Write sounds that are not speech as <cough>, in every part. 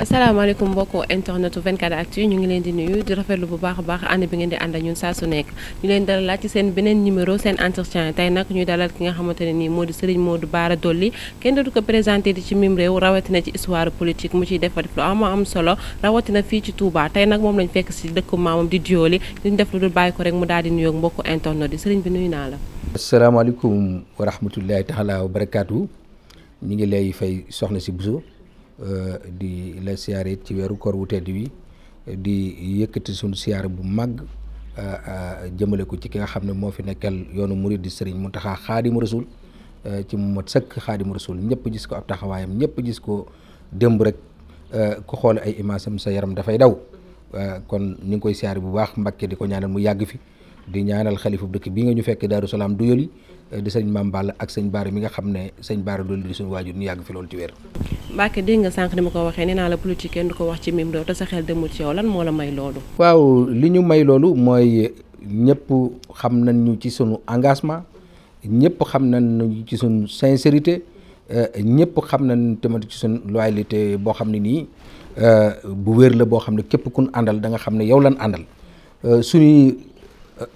asalaamaaleykum mbokko internet 24 actu ñu ngi leen di nuyu di rafetlu bu baax baax ànd bi ngeen di ànd ak ñun saa su nekk ñu leen dalalaat ci seen beneen numéro seen entretien tey nag ñuy dalal ki nga xamante ne nii moo di Serigne Modou Bara Dolly kenn du ko présenté di ci mim réew rawatina ci histoire politique mu ciy def lu am am solo rawatina fii ci Touba tey nag moom lañ fekk si dëkku maamam di Dioli li ñu def lu dul bàyyi ko rek mu daal di nuyoog mbokku internet yi Serigne bi nuyu naa la. asalaamaaleykum wa rahmatulahi taala wa barakaatu ñu ngi lay fay soxna si Bousso. Euh, di la siyaar ci weeru koor wu tedd wi di yëkkati suñu siyaar bu mag euh, euh, jëmale ko ci ki nga xam ne moo fi nekkal yoonu murid di sëriñ Muntaxa xaadimu rasul ci mu mat sëkk xaadimu rasul ñëpp gis ko ab taxawaayam ñëpp gis ko démb rek ku xool ay imaasam sa yaram dafay daw kon ñu ngi koy siyaar bu baax mbakke di ko ñaanal mu yàgg fi di ñaanal xalifu dëkk bi nga ñu fekk Daaru Salaam Doyoly di sëñ Maam Balla ak sëñ Baara mi nga xam ne sëñ Baara Doyoly di suñu waajur ñu yàgg fi loolu ci wér. Mbacke dégg nga sànq ni ma ko waxee nee naa la politique kenn du ko wax ci mim réew te sa xel demul ci yow lan moo la may loolu. waaw li ñu may loolu mooy ñëpp xam nañ ñu ci sunu engagement ñëpp xam nañ ñu ci sunu sincérité ñëpp xam nañ tamit ci sunu loyalité boo xam ne nii bu wér la boo xam ne képp kun àndal da nga xam ne yow lan àndal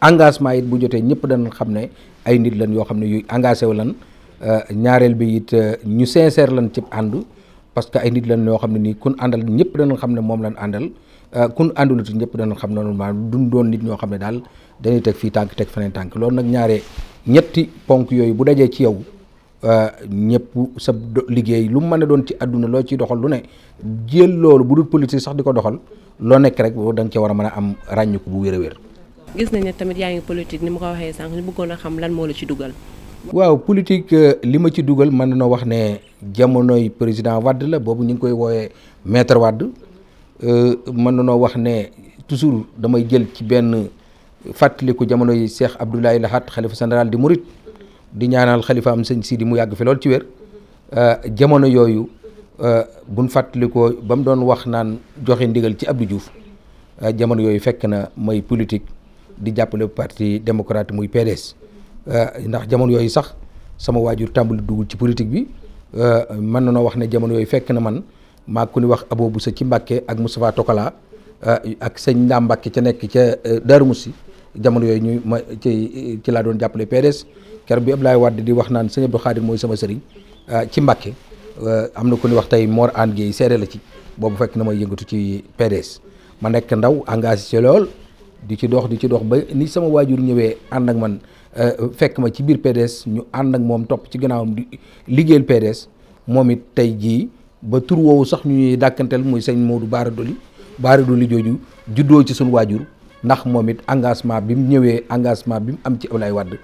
engagement it bu jotee ñëpp dañu xam ne ay nit lan yoo xam ne yuy engagé wu lan euh, ñaareel bi it euh, ñu sincère lan ci ànd parce que ay nit lan yoo xam ne nii kun àndal ñëpp dañu xam ne moom lan àndal euh, kun àndulut ñëpp dañu xam ne maanaam duñ doon nit ñoo xam ne daal dañuy teg fii tànk teg feneen tànk loolu nag ñaare ñetti ponk yooyu bu dajee ci yow ñëpp sa liggéey lu mën a doon ci àdduna loo ci doxal lu ne jël loolu bu dul politique sax di ko doxal loo nekk rek da nga ca war a mën a am ràññiku bu wér a wér gis nañ ne tamit yaa ngi politique ni ma ko waxee sànq ñu bëggoon a xam lan moo la ci dugal. waaw politique euh, li ma ci dugal mën na noo wax ne jamonoy président Wade la boobu ñu ngi koy woowee maître Wade euh, mën na noo wax ne toujours damay jël ci benn fàttaliku jamono yi Cheikh Abdoulaye Lahat xalifa général di mu Mouride di ñaanal xalifa am sëñ Sidi mu yàgg fi lool ci wér euh, jamono yooyu buñ fàttalikoo ba mu doon wax naan joxe ndigal ci Abdou Diouf jamono yooyu fekk na may politique. di jàppale parti démocrate muy PDS euh, ndax jamono yooyu sax sama waajur tàmbali dugg ci politique bi euh, mën na noo wax ne jamono yooyu fekk na man maa ku ni wax Abo Bousso ci Mbàkke ak Moustapha Tokala euh, ak sëñ Ndaa Mbàkke ca nekk ca Darou Moussi jamono yooyu ñuy ma ci ci laa doon jàppale PDS keroog bi laay Wade di wax naan sëñ Abdou Khadir mooy sama sëriñ ci Mbàkke am na ku ni wax tey Mor Anne Gueye seere la ci boobu fekk na may yëngatu ci PDS ma nekk ndaw engage ci lool. di ci dox di ci dox ba ni sama waajur ñëwee ànd ak man euh, fekk ma ci biir PDS ñu ànd ak moom topp ci gannaawam di liggéeyal pedes moom it tey jii ba tur woowu sax ñu ñuy dàkkanteel muy sëñ Modou Bara Dolly Bara Dolly jooju juddoo ci suñu waajur ndax moom it engagement bi mu ñëwee engagement bi mu am ci Ablaye Wade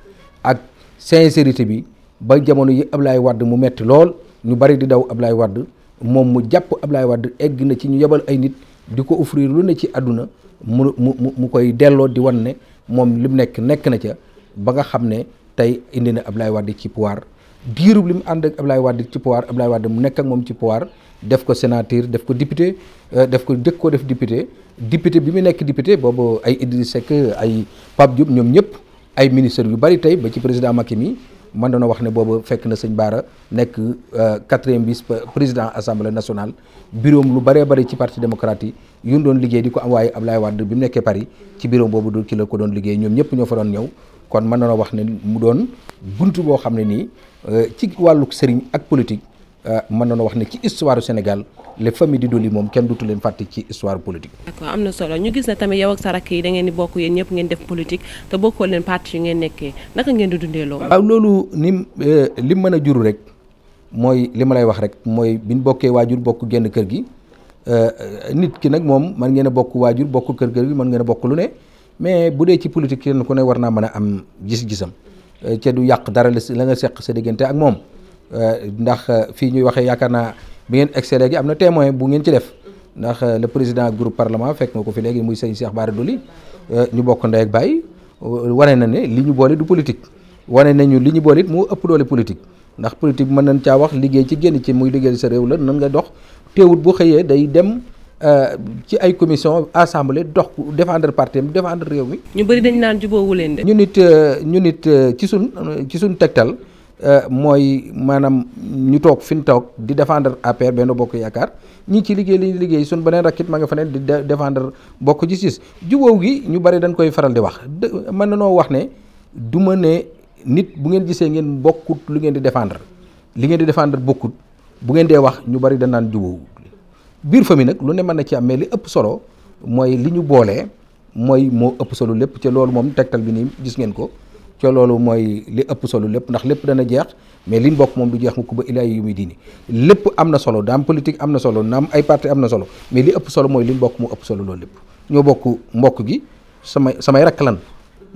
ak sincérité bi ba jamono yi ab Ablaye Wade mu metti lool ñu bari di daw ab Ablaye wadd moom mu jàpp lay Wade egg na ci ñu yebal ay nit di ko offrir lu ne ci àdduna mu mu mu mu koy delloo di wan ne moom li mu nekk nekk na ca ba nga xam ne tey indi na ab Ablaye Wade ci pouvoir diirub li mu ànd ak Ablaye Wade ci pouvoir Ablaye Wade mu nekk ak moom ci pouvoir def ko sénateur def ko député euh, def ko jëkk koo def député député bi mu nekk député boobu ay Idriss Seck ay Pape Diop ñoom ñëpp ay ministres yu bari tey ba ci président Macky mi mën na wax ne booba fekk na sëñ Baara nekk euh, quatrième vice président assemblée national bureau lu baree bëri ci parti démocrate yi yu doon liggéey di ko am waaye Ablaye Wade bi mu nekkee Paris ci bureau boobu du kilo la ko doon liggéey ñoom ñëpp ñoo fa doon ñëw kon mën na wax ne mu doon bunt boo xam ne nii euh, ci wàllu sëriñ ak politique. Euh, mën nañoo wax ne ci histoire Sénégal les familles di Doli moom kenn dutu leen fàtte ci histoire politique. d'accord am na solo ñu gis ne tamit yow ak sa rakk yi da ngeen di bokk yéen ñëpp ngeen def politique te bokkoo leen parti yi ngeen nekkee loolu. waaw loolu ni euh, li mën a juru rek mooy li ma lay wax rek mooy bi bokkee waajur bokk genn kër gi euh, nit ki nag moom mën ngeen a bokk waajur bokk kër kër gi mën ngeen a bokk lu ne mais bu dee ci politique kenn ku ne war naa mën a am gis-gisam ca du yàq dara la nga seq sa diggante ak moom. Euh, ndax euh, fii ñuy waxee yaakaar naa bi ngeen egg léegi am na témoin bu ngeen ci def ndax euh, le président groupe parlement fekk nga ko fi léegi muy sëñ Cheikh Bara Dolly ñu bokk ndey ak baay wane na ne li ñu boolee du politique wane nañu li ñu boole it moo ëpp doole politique ndax politique mën nañ caa wax liggéey ci génn ci muy liggéey sa réew la nan dox teewut bu xëyee day dem. ci ay commission assemblée dox défendre parti défendre réew mi. ñu bëri dañ naan jubóowu leen ñu nit ñu nit ci sun ci suñ tegtal. Euh, mooy maanaam ñu toog fi ñu toog di defander APR benn bokk yaakaar ñi ci liggéey li ñu liggéey suñ beneen rakkit ma nga fa ne di défendre bokk gis-gis jubóo gi ñu bari dañ koy faral di wax mën na noo wax ne du mëne nit bu ngeen gisee ngeen bokkut lu ngeen di défendre li ngeen di défendre bokkut bu ngeen dee wax ñu bari dañ naan jubóo biir fa nag lu ne mën na ci am mais li ëpp solo mooy li ñu boolee mooy moo ëpp solo lépp ci loolu moom tegtal bi nii gis ngeen ko. ca loolu mooy li ëpp solo lépp ndax lépp dana jeex mais liñ bokk moom du jeex mukk ba ilaa yu muy diini lépp am na solo daam politique am na solo naam ay parti am na solo mais li ëpp solo mooy liñ bokk mu ëpp solo ñoo bokk mbokk gi samay samay rakk lan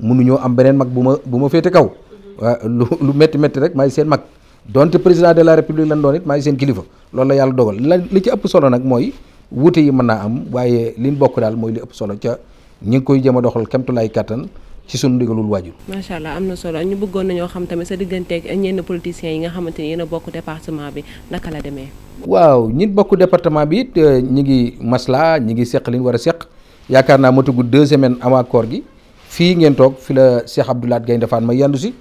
mënuñoo am beneen mag bu ma bu ma féete kaw waa lu lu métti métti rek maay seen mag donte président de la république lan doon it maay seen kilifa loolu la yàlla dogal la li ci ëpp solo nag mooy wute yi mën naa am waaye liñ bokk daal mooy li ëpp solo ca ñi ngi koy jëm a doxal kemtu kemtulaay kattan ci sunu ndigalul waajur. macha allah am na solo ñu bëggoon nañoo xam tamit sa digganteeg ñenn politiciens yi nga xamante ni yéen a bokk département bi naka la demee. waaw ñi bokk département bi it euh, ñi ngi masla ñi ngi seq li ñu war a seq yaakaar naa ma tugg deux semaines avant koor gi fii ngeen toog fi la Cheikh Abdoulaye Gaye Ndefane ma yandu si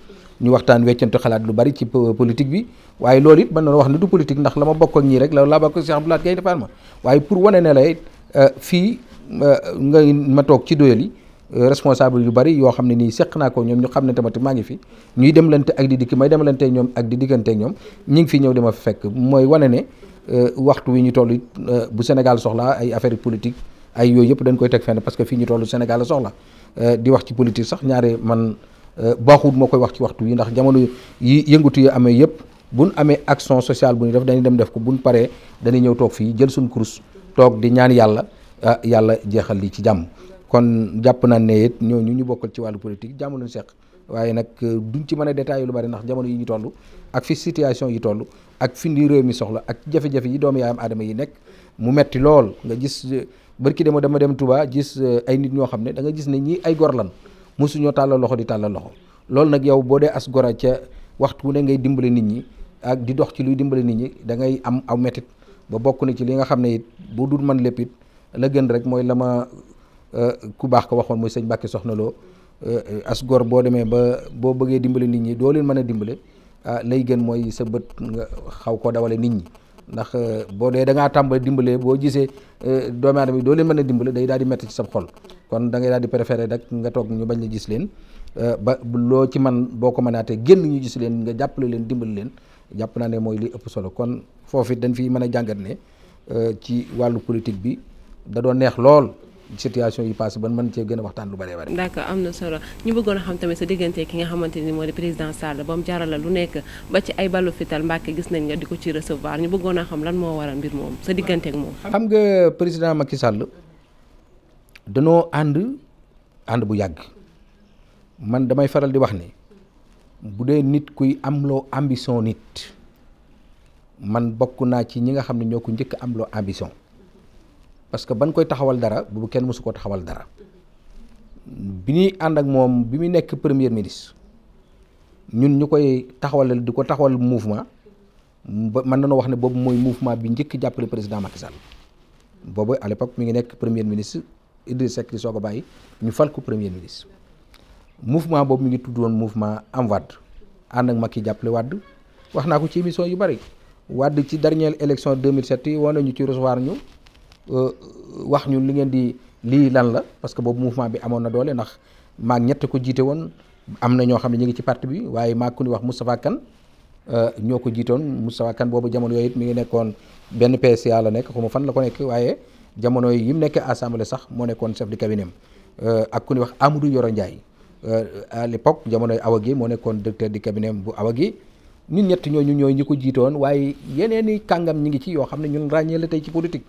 ñu waxtaan weccante xalaat lu bari ci politique bi waaye loolu it man doon wax ne du politique ndax la ma bokk ak ñii rek la laa bokk Cheikh Abdoulaye waaye pour wane ne la it euh, fii euh, nga ma toog ci doyal yi. responsable yu bari yoo xam ne nii seq naa ko ñoom ñu xam ne tamit maa ngi fi ñuy demlante ak di dikk may demlante ñoom ak di diggante ñoom ñi ngi fi ñëw dama fekk mooy wane ne euh, waxtu wi ñu toll euh, bu Sénégal soxla ay affaire politique ay yooyu yëpp dañ koy teg fenn parce que fii ñu toll Sénégal la soxla euh, di wax ci politique sax ñaare man baaxul ma koy wax ci waxtu yi ndax jamono yi yëngatu yi amee yëpp buñ amee action sociale bu ñu def dañuy dem def ko buñ paree dañuy ñëw toog fii jël suñ kurus toog di ñaan yàlla ah, yàlla jeexal li ci jàmm kon jàpp naa ne it ñooñu ñu ñu bokkal ci wàllu politique jàmm luñu seq waaye nag euh, duñ ci mën a détaillé lu bari ndax jamono yi ñu toll ak fi situation yi toll ak fi réew mi soxla ak jafe-jafe yi doomu yaayam aadama yi nekk mu metti lool nga gis euh, barki ki dama dem tubaa gis euh, ay nit ñoo xam ne dangay gis ne ñi ay gor lan mosuñoo tàllal loxo di tàllal loxo loolu nag yow boo dee as gora ca waxtu ne ngay dimbale nit ñi ak di dox ci luy dimbale nit ñi da am aw mettit ba bokk na ci li nga xam ne it bu man lépp it gën rek mooy la Euh, ku baax ko waxoon muy sëñ Mbàkke Soxna Lo euh, as gor boo demee ba boo bëggee dimbale nit ñi doo leen mën a dimbale ah, lay gën mooy sa bët nga xaw koo dawale nit ñi ndax euh, boo dee da ngaa tàmbale dimbale boo gisee doomu aadama yi doo leen mën a dimbale day daal di métti ci sa xol kon da ngay daal di préféré rek nga toog ñu bañ la gis leen ba loo ci man boo ko mënaatee génn ñu gis leen nga jàppale leen dimbale leen jàpp naa ne mooy li ëpp solo kon foofu it dañ fi mën a jàngat ne ci wàllu politique bi da neex lool situation yi passé ban man cee gën a waxtaan lu bëree bëri. d'accord am na solo ñu bëggoon a xam tamit sa diggante ki nga xamante ni moo di président Sall ba mu jaral la lu nekk ba ci ay ballu fital Mbàkke gis nañ nga di ko ci recevoir ñu bëggoon a xam lan moo waral mbir moom sa diggante ak moom. xam nga président Macky Sall danoo ànd ànd bu yàgg man damay faral di wax ni bu dee nit kuy am loo ambition nit man bokk naa ci ñi nga xam ne ñoo ko njëkk am loo parce que ban koy taxawal dara boobu kenn mësu ko taxawal dara bi ñuy ànd ak moom bi muy nekk premier ministre ñun ñu koy taxawal du ko taxawal mouvement ba mën nañoo wax ne boobu mooy mouvement bi njëkk jàppale président Macky Sall boobu à l'époque mi ngi nekk premier ministre Idriss Seck di soo ko bàyyi ñu fal ko premier ministre mouvement boobu mu ngi tudd woon mouvement am wadd ànd ak Macky jàppale wadd wax naa ko ci émission yu bari wadd ci dernière élection 2007 yi woon nañu ci recevoir ñu Euh, wax ñu li ngeen di lii lan la parce que boobu mouvement bi amoon na doole ndax maak ñett ko jiite woon am na ñoo xam ne ñu ngi ci parti bi waaye maag ku ñuy wax Moustapha Kane euh, ñoo ko jiitoon Moustapha Kane boobu jamono yooyu it mi ngi nekkoon benn PCA la nekk xuma fan la ko nekk waaye jamono yi yim nekkee assemblée sax moo nekkoon chef de cabinet euh, ak ku ñuy wax Amadou Yoro Ndiaye à l'époque jamonoy Awa Guèye moo nekkoon directeur du cabinet bu Awa Guèye ñun ñett ñooñu ñooy ñi ko jiitoon waaye yeneen i kàngam ñi ngi ci yoo xam ne ñun ràññee la tey ci politique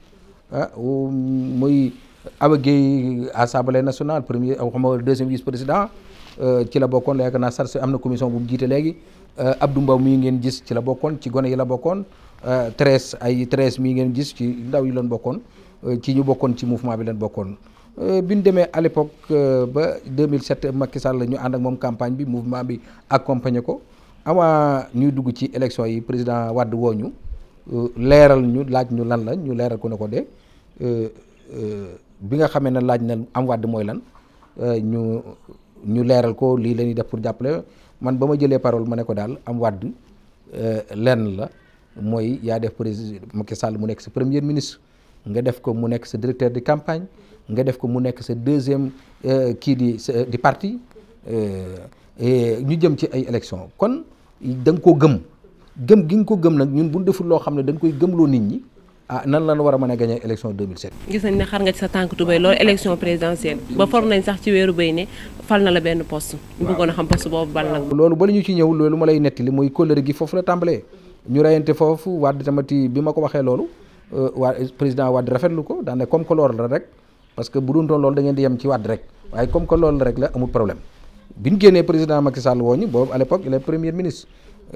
ah muy Awa Guèye assemblée nationale premier euh, xaw ma deuxième vice président euh, ci la bokkoon yaakaar naa sar am na commission bu mu jiite léegi euh, Abdou Mbow mii ngeen gis ci la bokkoon ci gone yi la bokkoon treize ay treize mii ngeen gis ci ndaw yi leen bokkoon ci ñu bokkoon ci mouvement bi leen bokkoon. bi ñu demee à l'époque ba 2007 Macky Sall la ñu ànd ak moom campagne bi mouvement bi accompagné ko avant ñuy dugg ci élection yi président Wade woo ñu leeral ñu laaj ñu lan la ñu leeral ko ne ko de. Euh, euh, bi nga xamee ne laaj na am wàdd mooy lan euh, ñu ñu leeral ko lii la ñuy def pour jàppale man ba ma jëlee parole ma ne ko daal am wàdd lenn la mooy yaa def président ke Sall mu nekk sa premier ministre nga def ko mu nekk sa directeur de campagne nga def ko mu nekk sa deuxième kii di di parti ñu jëm ci ay élection kon danga nga koo gëm gëm gi nga ko gëm nag ñun bu deful loo xam ne dañ koy gëmloo nit ñi ah nan lan war a mën a gagné élection 2007. gis nañ ne xar nga ci sa tànk tubéy loolu élection présidentielle ba for nañ sax ci weeru béy ne fal na la benn poste. ñu bëggoon a xam poste boobu ban la. loolu ba ñu ci ñëw loolu ma lay nettali mooy kóllëre gi foofu la tàmbalee ñu reyante foofu Wade tamati bi ma ko waxee loolu euh, waa président rafet lu ko daanaka comme que loolu la rek parce que bu doon doon loolu da ngeen di yem ci Wade rek waaye comme que loolu la rek la amul problème bi ñu génnee président Macky Sall woo ñu boobu à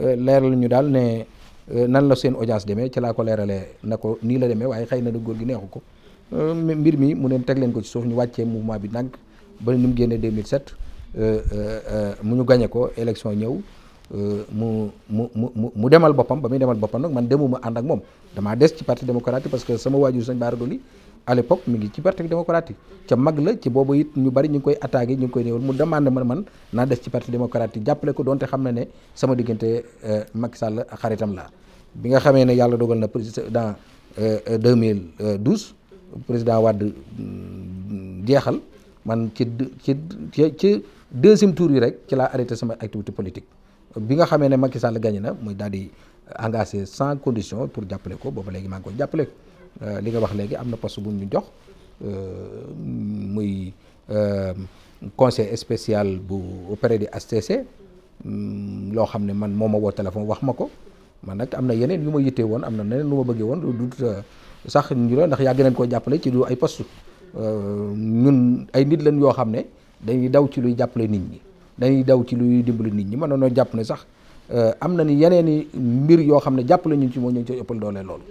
euh, ñu daal ne. Euh, nan la seen audience demee ci laa ko leeralee na ko nii la demee waaye xëy na da góor gi neexu ko euh, mbir mi mu ne teg leen ko ci suuf ñu wàccee mouvement bi nag ba ni mu génnee 2007 euh, mu ñu gañe ko élection ñëw mu mu mu mu demal boppam ba muy demal boppam nag man demuma ànd ak moom damaa des ci parti démocratique parce que sama waajur sëñ Bara Dolly à l'époque mi ngi ci parti démocratique ca mag la ci boobu it ñu bari ñu ngi koy attaqué ñu ngi koy néewal mu demande man man naa des ci parti démocratique jàppale ko donte xam na ne sama diggante euh, Macky sàll xaritam la bi nga xamee ne yàlla dogal na président euh, euh, 2012 président Wade mm, jeexal man ci ci ci deuxième tour yi rek ci laa arrêté sama activité politique bi nga xamee ne Macky Sall gagné na muy daal di engagé sans condition pour jàppale ko boobu léegi maa ngi jàppale ko Euh, li nga wax léegi am na poste bu ñu jox euh, muy euh, conseil spécial bu auprès du HCC mm, loo xam ne man moo ma woo téléphone wax ma ko man nag am na yeneen yu ma yittee woon am na neneen lu ma bëggee woon du sax ñu la ndax yàgg nañ koo jàppale ci lu ay poste ñun ay nit lañ yoo xam ne dañuy daw ci luy jàppale nit ñi dañuy daw ci luy dimbali nit ñi mën nañoo jàpp ne sax Euh, am na ni yeneen i mbir yoo xam ne jàppale ñu ci moo ñu ngi ci ëppal doole loolu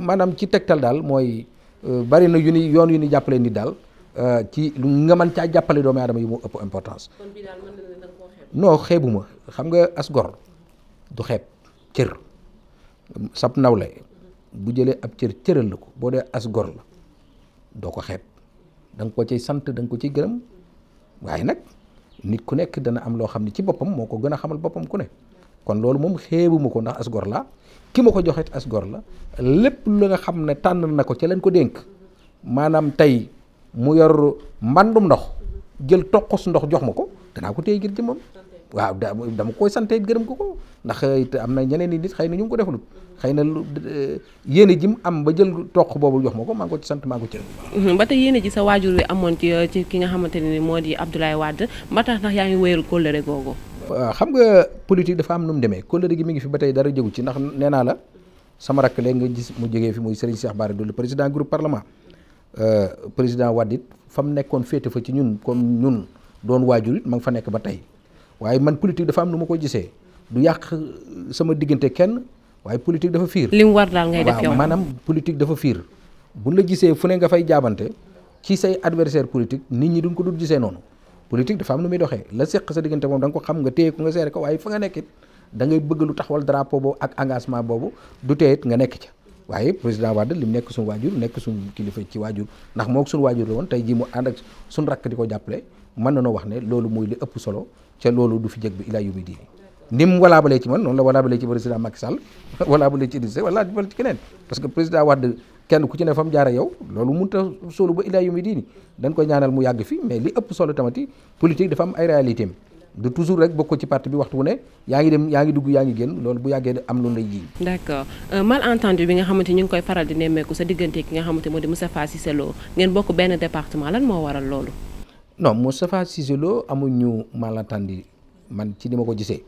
maanaam ci tegtal daal mooy euh, bari na yu ni yoon yu ni jàppale nit daal euh, ci lu nga mën caa jàppale doomu aadama yu moo ëpp importance non xeebuma xam nga asgor du xeeb cër sab nawle bu jëlee ab cër cëral la ko boo dee asgor gor la doo ko xeeb da nga ko ciy sant da ko ci gërëm waaye nag nit ku nekk dana am loo xam ne ci boppam moo ko gën a xamal boppam ku ne kon loolu moom xeebu ma ko ndax as gor la ki ma ko joxee asgor la lépp lu nga xam ne tànn na ko ca leen ko dénk maanaam tey mu yor mbandum ndox jël toqus ndox jox ma ko danaa ko téye ngir jëmmam waaw dama koy sante gërëm ko ko ndax it eh, am na ñeneen i nit xay na ñu ngi ko defalut xëy na lu eh, yéene ji mu am ba jël toq boobu jox ma ko maa ngi ko sant maa ngi ko cër. Mhm, ba tey yéene ji sa waajur wi amoon ci eh, ci ki nga xamante ne moo di Abdoulaye Wade ba tax ndax yaa ngi wéyal kóllëre googu. waaw xam nga politique dafa am nu mu demee kóllëre gi mi ngi fi ba tey dara jógu ci ndax nee la sama rakk léegi nga gis mu jógee fi muy Serigne Cheikh Bara Dolly président groupe parlement président Wade it fa mu nekkoon féete fa ci ñun comme ñun doon waajur it ma fa nekk ba tey waaye man politique dafa am nu ma ko gisee du yàq sama diggante kenn waaye politique dafa fiir. li mu war daal ngay def yow maanaam politique dafa fiir bu la gisee fu ne nga fay jaabante ci say adversaire politique nit ñi duñ ko dul gisee noonu politique dafa am nu muy doxee la seq sa diggante moom da nga ko xam nga téye ko nga seere ko waaye fa nga nekkit da ngay bëgg lu taxawal drapeau boobu ak engagement boobu du teeyit nga nekk ca waaye président Wade li mu nekk suñu waajur nekk suñu kilifa ci waajur ndax moo suñu waajur la tey jii mu ànd ak rakk di ko jàppale mën na noo wax ne loolu mooy li ëpp solo ca loolu du fi jëg bi ilaa yu mi ni mu walaabalee ci man noonu la walaabalee ci président Macky Sall walaabalee <laughs> ci Idrissa walaabalee ci keneen parce que président Wade kenn ku ci ne fa mu jaara yow loolu mënut a sóolu ba ilaa yu muy diini dañ koy ñaanal mu yàgg fi mais li ëpp solo tamati politique dafa am ay réalité de toujours rek bokkoo ci parti bi waxtu wu ne yaa ngi dem yaa ngi dugg yaa ngi génn loolu bu yàggee am lu lay ji. d' accord euh, malentendu bi nga xamante ñu ngi koy faral di nemmeeku sa diggante ki nga xamante moo di Moustapha Cissé Lo ngeen bokk benn département lan moo waral loolu. non Moustapha Cissé Lo amuñu malentendu man ci ni ma ko gisee.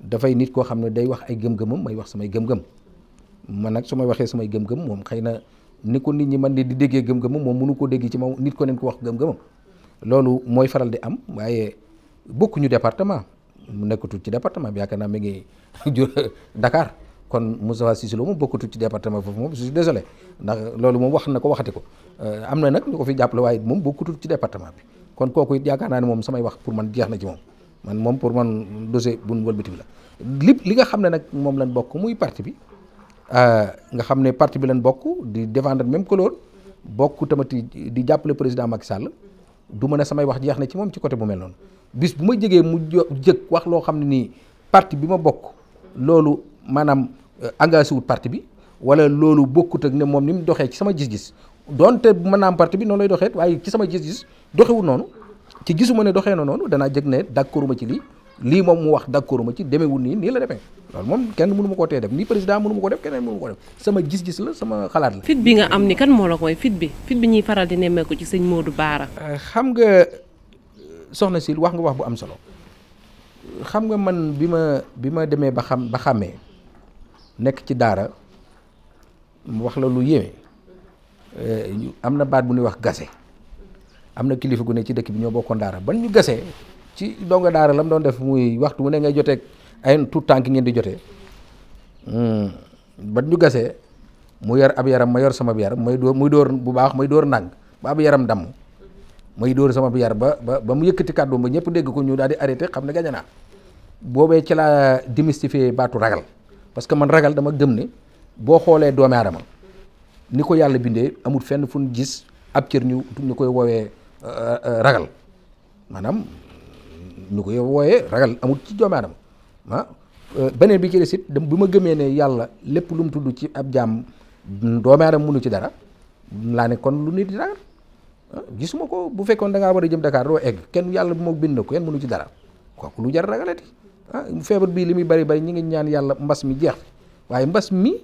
dafay nit koo xam ne day wax ay gëm-gëmam may wax samay gëm-gëm man nag su may waxee samay gëm-gëm moom xëy na ni nit ñi man di di déggee gëm-gëmam moom mënu ko dégg ci ma nit ko neen ko wax gëm-gëmam loolu mooy faral di am waaye bokkuñu département mu nekkatul ci département bi yaakaar naa mi ngi <laughs> Dakar kon sa Cissé Lo moom bokkatul ci département foofu moom je suis ndax loolu moom wax na ko waxati ko euh, am na nag lu ko fi jàppale waaye moom bokkatul ci département bi kon kooku it yaakaar naa moom samay wax pour man jeex na ci man moom pour man dossier buñ wëlbati bi la lépp li nga xam ne nag moom lañ bokk muy parti bi euh, nga xam ne parti bi leen bokk di défendre même couleur bokk tamati di jàppale président Macky Sall du mën a samay wax jeex na ci moom ci côté bu mel noonu bis bu ma jegee mu jëkk wax loo xam ne nii parti bi ma bokk loolu maanaam euh, engagé wut parti bi wala loolu bokkut ak ne moom ni mu doxee ci sama gis-gis donte mën naa parti bi noonu lay doxee waaye ci sama gis-gis noonu ci gisuma ne doxee na noonu danaa jëg ne d'accorduma ci lii lii moom mu wax d'accorduma ci demeewul nii nii la demee loolu moom kenn mënu ma koo tee def nii président mënu ma ko def keneen mënu ko def sama gis-gis la sama xalaat la. fit bi nga am ni kan moo la koy fit bi fit bi ñuy faral di nemmeeku ci sëñ Modou Baara. Euh, xam nga soxna si wax nga wax bu am solo xam nga man bi ma bi ma demee ba xam ba xàmmee nekk ci daara mu wax la lu yéeme euh, am na baat bu ñuy wax gase. am na kilifa gu ne ci dëkk bi ñoo bokkoon daara ba ñu gasee ci donga daara lam doon def muy waxtu mu ne ngay jotee ay tout tànk ngeen di jotee hmm. ban ñu gasee mu yor ab yaram ma yor sama yaram may dóor muy dóor bu baax may dóor ndànk ab yaram damm may dóor sama yar ba ba ba mu yëkkati kàddu ba ñëpp dégg ko ñu daal di arrêté xam ne gañe naa boobee ci laa démystifier baatu ragal parce que man ragal dama gëm ne boo xoolee doomi aadama ni ko yàlla bindee amul fenn fu ñu gis ab cër ñu ñu koy woowee Euh, euh, ragal maanaam ñu ko yow wooyee ragal amul ci doomu aadama euh, beneen bi ci des it bu ma gëmee ne yàlla lépp lu mu tudd ci ab jaam doomu aadama mënu ci dara laa ne kon lu nit di ragal ah, gisuma ko bu fekkoon da ngaa jëm Dakar doo egg kenn yàlla bu ma bind ko kenn mënu ci dara kooku lu jar ragalati ah feebar bii li muy bari bari ñu ngi ñaan yàlla mbas mi jeex waaye mbas mi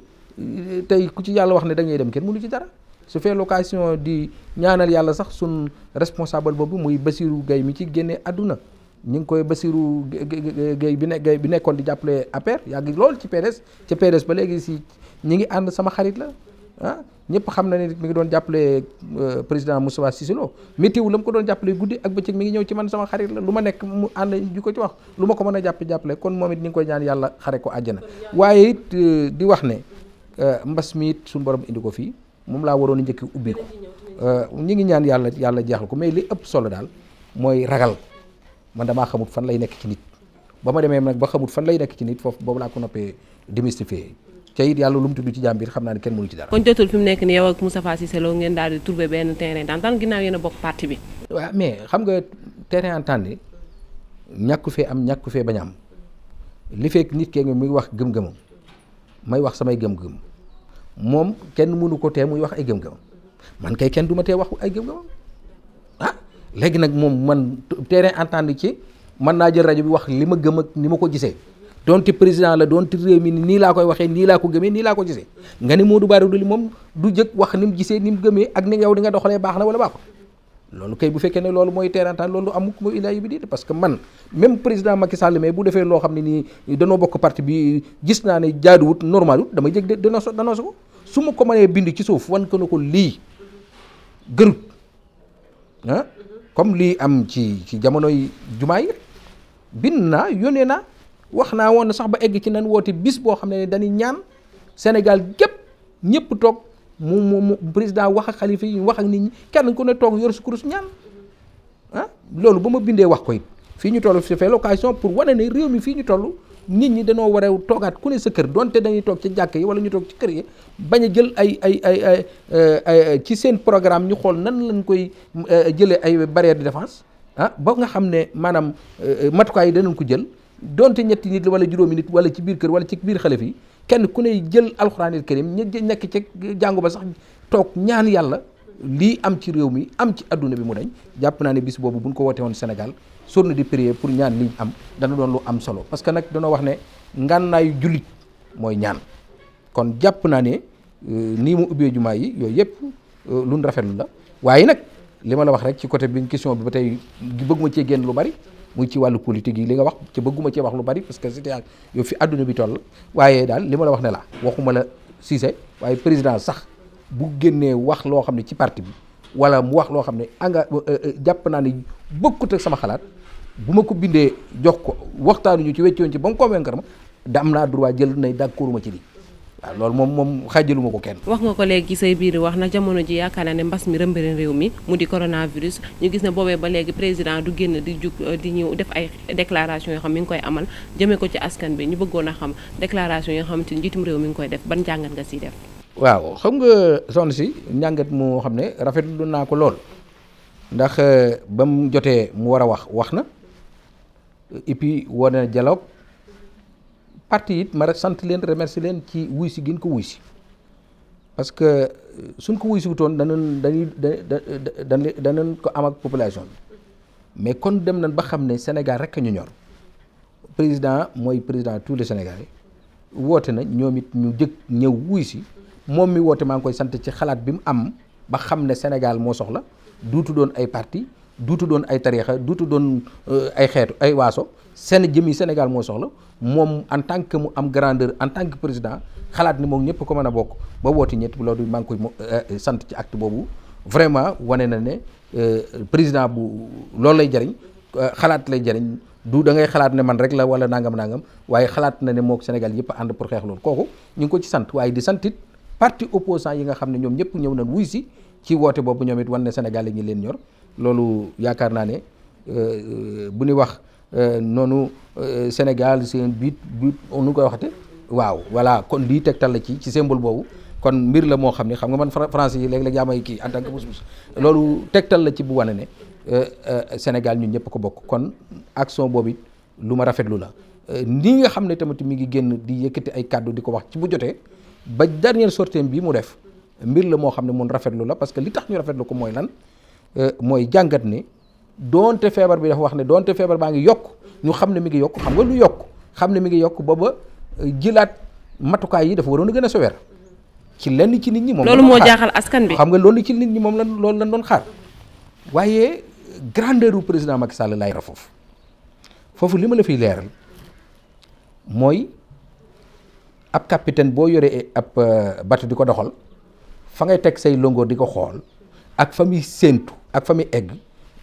tey ku ci yàlla wax ne da ngay dem kenn mënu ci dara. su fee l'occasion di ñaanal yàlla sax sun responsable boobu muy Basirou Gueye mi ci génne àdduna ñu ngi koy Basirou Gueye bi ne Gueye bi nekkoon di jàppale APR yàgg lool ci PDS ca PDS ba léegi si ñi ngi ànd sama xarit la ah ñëpp xam na ne mu ngi doon jàppale euh, président Moustapha Cissé Lo météo la mu ko doon jàppalee guddi ak bëccëg mi ngi ñëw ci man sama xarit la lu ma nekk mu ànd ju ko ci wax lu ma ko mën a jàpp jàppale kon moom it ñu ngi koy ñaan yàlla xare ko àjjana waaye euh, di wax ne euh, mbas mi it suñu borom indi ko fii moom laa waroon njëkk ubbi ubbeeku euh, ñi ngi ñaan yàlla yàlla jeexal ko mais li ëpp solo daal mooy ragal man damaa xamut fan lay nekk ci nit ba ma demee nag ba xamut fan lay nekk ci nit foofu boobu laa ko noppee démystifier ca it yàlla lu mu ci jàmm bi xam naa ne kenn mënu ci dara. kon jotul fi nekk ni yow ak Moustapha Cissé Lo ngeen daal di trouver benn terrain d'entente ginnaaw yéen a bokk parti bi. waaw mais xam nga terrain d'entente ñàkku fee am ñàkku fee bañ am li fekk nit kee ngi muy wax gëm may wax samay gëm-gëm. moom kenn mënu ko tee muy wax ay gëm-gëmam man kay kenn du ma tee wax ay gëm-gëmam ah léegi nag moom man terrain entendre ci man naa jël rajo bi wax li ma gëm ak ni ma ko gisee donte président la donte réew mi nii laa koy waxee nii laa ko gëmee nii laa ko gisee nga ne Modou Bara Dolly moom du jëkk wax ni mu gisee ni mu gëmee ak ni yow di nga doxalee baax na wala baaxul loolu kay bu fekkee ne loolu mooy teerantaan loolu am ko mooy illaahi bi di parce que man même président Macky Sall mais bu defee loo xam ne nii danoo bokk part bi gis naa ne jaaduwut normal wut damay jég de dénoncé dénoncé ko su ma ko manee bind ci suuf wan ko ne ko lii gërut ah comme lii am ci ci jamonoy jumaa yi bind naa yónnee naa wax naa woon sax ba egg ci nan woote bis boo xam ne dañuy ñaan Sénégal gépp ñëpp toog. mu mu président wax ak xalifa yi wax ak nit ñi kenn ku ne toog yor su kurus ñaan ah loolu ba ma bindee wax ko it fii ñu toll su fee l'occasion pour wane na réew mi fii ñu toll nit ñi dañoo war a toogaat ku ne sa kër donte dañuy toog ci jàkk yi wala ñu toog ci kër yi bañ a jël ay ay ay ci seen programme ñu xool nan lañ koy euh, jëlee ay barrière de défense ah ba nga xam ne maanaam euh, matukaay yi danañ ko jël donte ñetti nit la wala juróomi nit wala ci biir kër wala ci biir xalifa yi kenn ku ne jël alxuraanil karim ña nekk ci jàngu ba sax toog ñaan yàlla lii am ci réew mi am ci àdduna bi mu dañ jàpp naa ne bis boobu buñ ko woote woon Sénégal na di prier pour ñaan liñ am dana doon lu am solo parce que nag danoo wax ne ngànnaayu jullit mooy ñaan kon jàpp naa ne euh, nii mu ubbee jumaa yi yooyu yëpp euh, luñ rafetlu la waaye nag li ma la wax rek ci côté bi question bi ba tey bëgguma cee génn lu bari muy ci wàllu politique yi li nga wax ci bëgguma ci wax lu bari parce que c'était yow fi àdduna bi toll waaye daal li ma la wax ne la waxuma la Cissé waaye président sax bu génnee wax loo xam ne ci parti bi wala mu wax loo xam ne anga ah euh, euh, jàpp naa ne bokkut ak sama xalaat bu ma ko bindee jox ko waxtaanuñu ci weccoon ci ba mu convaincre ma da am naa droit jël na d'accorduma ci lii waaw loolu moom moom xàjjaluma ko kenn wax nga ko léegi say biir wax na jamono ji yaakaar naa ne mbas mi rëmbëri réew mi mu di coronavirus ñu gis ne boobee ba léegi président du génn di jug euh, di ñëw def ay déclaration yoo xam mi ngi koy amal jëmee ko ci askan bi ñu bëggoon a xam déclaration yoo xamante ni njiitum réew mi ngi koy def ban jàngat nga siy waaw xam nga soxna si njàngat moo xam ne rafet rafetlu naa ko lool ndax euh, ba mu jotee mu war a wax wax na et puis wane na parti it ma sant leen remercie leen ci wuy si gin ko wuy si parce que euh, suñ ko wuy si wutoon danañ dañuy da danañ ko am ak population bi mais kon dem nañ ba xam ne Sénégal rek ñu ñor président mooy président tous les Sénégalais woote na ñoom it ñu jëkk ñëw wuy si moom mi woote maa ngi koy sant ci xalaat bi mu am ba xam ne Sénégal moo soxla duutu doon ay parti duutu doon ay tariixa duutu doon euh, ay xeetu ay waaso seen jëmi Sénégal moo soxla moom en tant que mu am grandeur en tant que président xalaat ni moom ñëpp ko mën a bokk ba woote ñett loolu maa ngi koy euh, sant ci acte boobu vraiment wane na ne euh, président bu loolu lay jariñ xalaat lay jariñ du da ngay xalaat ne man rek la wala nangam nangam waaye xalaat na ne moo Sénégal yëpp ànd pour xeex loolu kooku ñu ngi ko ci sant waaye di santit parti opposant yi nga xam ne ñoom ñëpp ñëw na wuy si ci woote boobu ñoom it wan ne Sénégal la ñu leen ñor loolu yaakaar naa ne euh, euh, bu ñu wax euh, noonu Sénégal seen but but nu koy waxate waaw voilà kon lii tegtal la ci ci symbole boobu kon mbir la moo xam ne xam nga man français yi léeg-léeg yaa may kii en tant que bus bus loolu tegtal la ci bu wane ne Sénégal ñu ñëpp ko bokk kon action boobu it lu ma rafetlu la nii nga xam ne tamit mu ngi génn di yëkkati ay kàddu di ko wax ci bu jotee ba dernière sortie bi mu def mbir la moo xam ne mun rafetlu la parce que li tax ñu rafetlu ko mooy lan Euh, mooy jàngat ni doonte feebar bi dafa wax ne doonte feebar baa ngi yokk ñu xam ne mi ngi yokk xam nga lu yokk xam ne mi ngi yokk booba euh, jilaat matukaay yi dafa waroon a gën a sower ci lenn ci nit ñi. moom loolu moo jaaxal askan bi xam nga loolu ci nit ñi moom lan loolu lan doon xaar waaye euh, grandeur président Macky Sall laay ra foofu foofu li ma la fiy leeral mooy ab capitaine boo yoree eh, ab bateau di ko doxal fa ngay teg say longoor di ko xool ak fa muy ak fa muy egg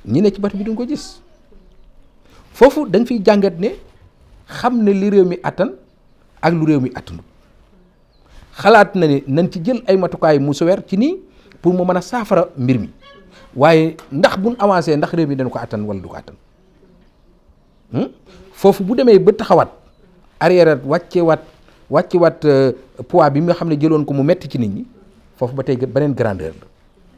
ñi ne ci bët bi duñ ko gis foofu dañ fiy jàngat ne xam ne li réew mi àttan ak lu réew mi attanu xalaat na ne nañ ci jël ay matukaay mu suwer ci nii pour mu mën a saafara mbir mi waaye ndax buñ avancé ndax réew mi dañ ko àttan wala du ko attan hmm? foofu bu demee ba taxawaat arrière wàccewaat wàccewaat euh, poids bi nga xam ne jëloon ko mu metti ci nit ñi foofu ba tey beneen grandeur la.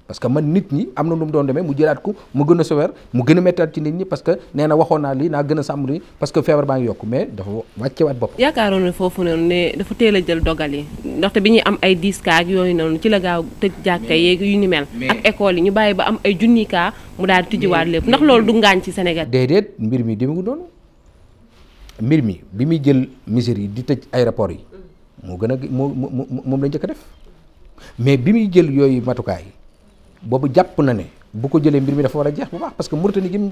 parce que man nit ñi am na lu mu doon demee mu jëlaat ko mu gën a sévère mu gën a méttaat ci nit ñi parce que nee waxoon naa lii naa gën a sàmm ni parce que feebar baa ngi yokk mais dafa wàccewaat bopp yaakaaroon ne foofu noonu ne dafa a jël dogal ndaxte bi ñuy am ay 10 yooyu noonu ci la gaaw tëj jàkka yeeg yu ni mel ak école yi ñu bàyyi ba am ay junni cas mu daal di tijjiwaat lépp ndax loolu du ngaañ ci Sénégal déedéet mbir mi demeewul noonu mbir mi bi muy jël mesures yi di tëj aéroport yi moo gën a moom moom lañ njëkk a def mais bi muy jël yooyu matukaay boobu jàpp na ne bu ko jëlee mbir mi dafa war a jeex bu baax parce que Mauritanie gim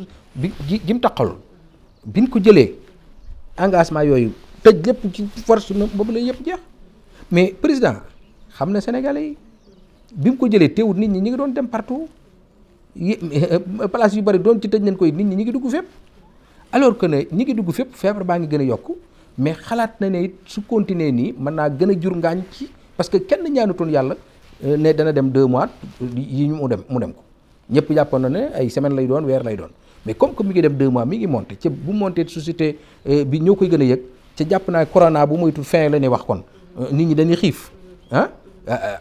gi gim bi biñ ko jëlee engagement yooyu tëj lépp ci force na boobu la yëpp jeex mais président xam na Sénégalais yi bi mu ko jëlee teewul nit ñi ñi ngi doon dem partout euh, place yu bari doon ci tëj nañ koy nit ñi ñi ngi dugg fépp alors que ne ñi ngi dugg fépp feebar baa ngi gën a yokk mais xalaat na ne it su continuer nii mën naa gën a jur ngaañ ci parce que kenn ñaanutoon yàlla Euh, ne dana dem deux mois yi ñu mu dem mu dem ko ñëpp jàppoon na ne ay semaine lay doon weer lay doon mais comme que mi ngi dem deux mois mi ngi monté ca bu monté société euh, bi ñoo koy gën a yëg ci jàpp naa korona bu moytu fin la ñuy wax kon euh, nit ñi dañuy xiif ah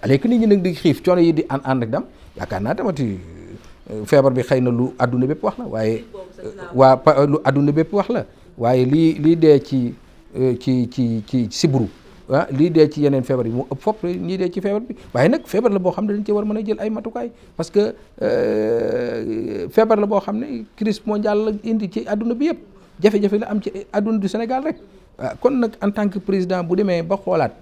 léegi nit ñi nag di xiif coono yi di ànd ànd ak dam yaakaar naa tamati feebar bi xëy na lu àdduna bépp wax la waaye waa lu àdduna bépp wax la waaye lii lii dee ci ci ci ci sibru ah lii dee ci yeneen feebar yi mu ëpp fopp ñii dee ci feebar bi waaye nag feebar la boo xam ne dañ ci war mën a jël ay matukaay parce que euh, feebar la boo xam ne crise mondiale la indi ci adduna bi yëpp jafe-jafe la am ci adduna du Sénégal rek ah, kon nag en tant que président bu demee ba xoolaat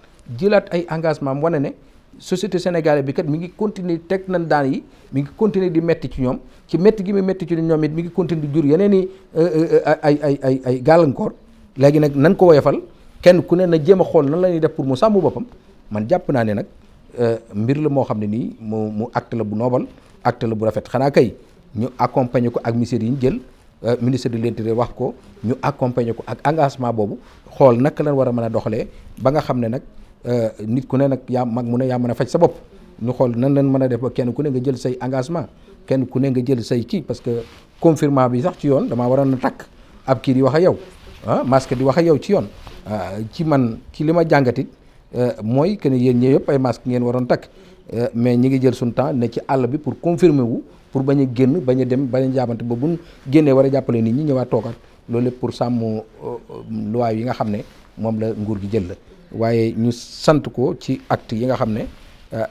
jëlaat ay engagement am wane ne société sénégalaise bi kat mi ngi continuer teg nañ daan yi mi ngi continuer di metti ci ñoom ci metti gi mu metti ci ñoom it mi ngi continuer di jur yeneen i euh, euh, ay ay ay ay gàllankoor léegi nag nan ko woyofal kenn ku ne na jéem a xool nan la ñuy def pour mu sàmm boppam man jàpp naa ne nag euh, mbir la moo xam ne nii mu mu acte la bu noobal acte la bu rafet xanaa kay ñu accompagner ko ak ministère yi ñu jël euh, ministre de l'intérieur wax ko ñu accompagner ko ak engagement boobu xool naka lañ war a mën a doxalee ba nga xam ne nag euh, nit ku ne nag yaa mag mu ne yaa mën a faj sa bopp ñu xool nan lan mën a def kenn ku ne nga jël say engagement kenn ku ne nga jël say kii parce que confirmation bi sax ci yoon damaa waroon a takk ab kii wax ak yow ah masque di wax ak yow ci yoon ah, ci man ci li ma jàngatit eh, mooy que ne yéen ñëw ay masque ngeen waroon takk eh, mais ñi ngi jël suñu temps ne ci àll bi pour confirmer wu pour bañ a génn bañ a dem bañ a jaabante ba buñ génnee war a jàppale nit ñi ñëwaat toogaat loolu lépp pour sàmm eh, loi yi nga xam ne moom la nguur gi jël la waaye ñu sant ko ci act yi nga xam ne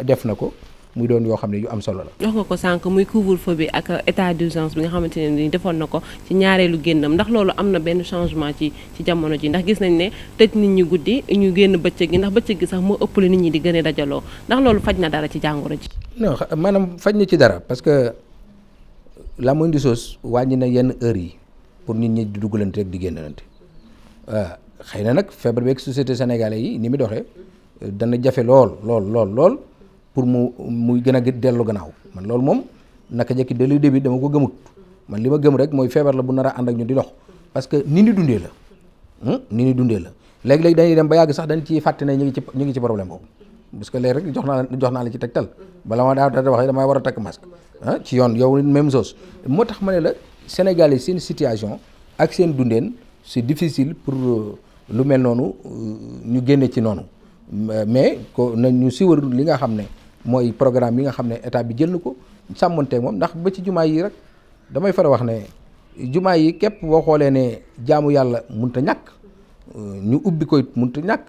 def na ko muy doon yoo xam ne yu am solo la. jox nga ko sànq muy couvre-feu bi ak état d'urgence bi nga xamante ne ni defoon na ko ci ñaareelu génnam ndax loolu am na benn changement ci ci jamono ji ndax gis nañ ne tëj nit ñi guddi ñu génn bëccëg gi ndax bëccëg gi sax moo ëpp la nit ñi di gën a dajaloo ndax loolu faj na dara ci jàngoro ji. non maanaam faj na ci dara parce que la moindre chose wàññi na yenn heures yi pour nit ñi di duggalante rek di génnante euh, xëy na nag feebar beeg société sénégalais yi ni mu doxee euh, dana jafe lool lool lool. pour mu muy gën a dellu gannaaw man loolu moom naka njëkk dès le dama ko gëmut man li ma gëm rek mooy feebar la bu nar a ànd ak ñu di dox parce que ni ni dundee la hmm? ni ni dundee la léegi-léegi dañuy dem ba yàgg sax dañ ci fàtte ne ñu ngi ci ñu ngi ci problème boobu parce que léegi rek jox naa jox naa la ci tegtal bala ma daa da wax damay war a takk masque ah, ci yoon yow même chose moo tax ma ne la Sénégal yi seen situation ak seen dundeen c'est difficile pour euh, lu mel noonu euh, ñu génne ci noonu mais ko na ñu siwar li nga xam ne mooy programme yi nga xam ne état bi jël na ko sàmmonteeg moom ndax ba ci jumaa yi rek damay faral wax ne jumaa yi képp boo xoolee ne jaamu yàlla mënut a ñàkk euh, ñu ubbi ko it mënut ñàkk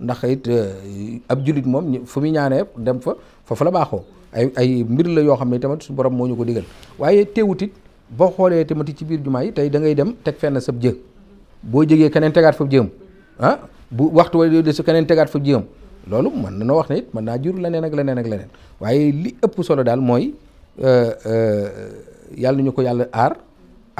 ndax it euh, ab jullit moom fu muy ñaanee dem fa foofu la baaxoo ay ay mbir la yoo xam ne tamit su borom moo ñu ko digal waaye teewut it boo xoolee tamit ci biir jumaa yi tey da ngay dem teg fenn sab jë boo jegee keneen tegaat fa jëm ah bu waxtu wala de su keneen tegaat fa jëm loolu mën na noo wax ne it mën naa jur leneen ak leneen ak leneen waaye li ëpp solo daal mooy euh, euh, yàlla ñu ko yàlla aar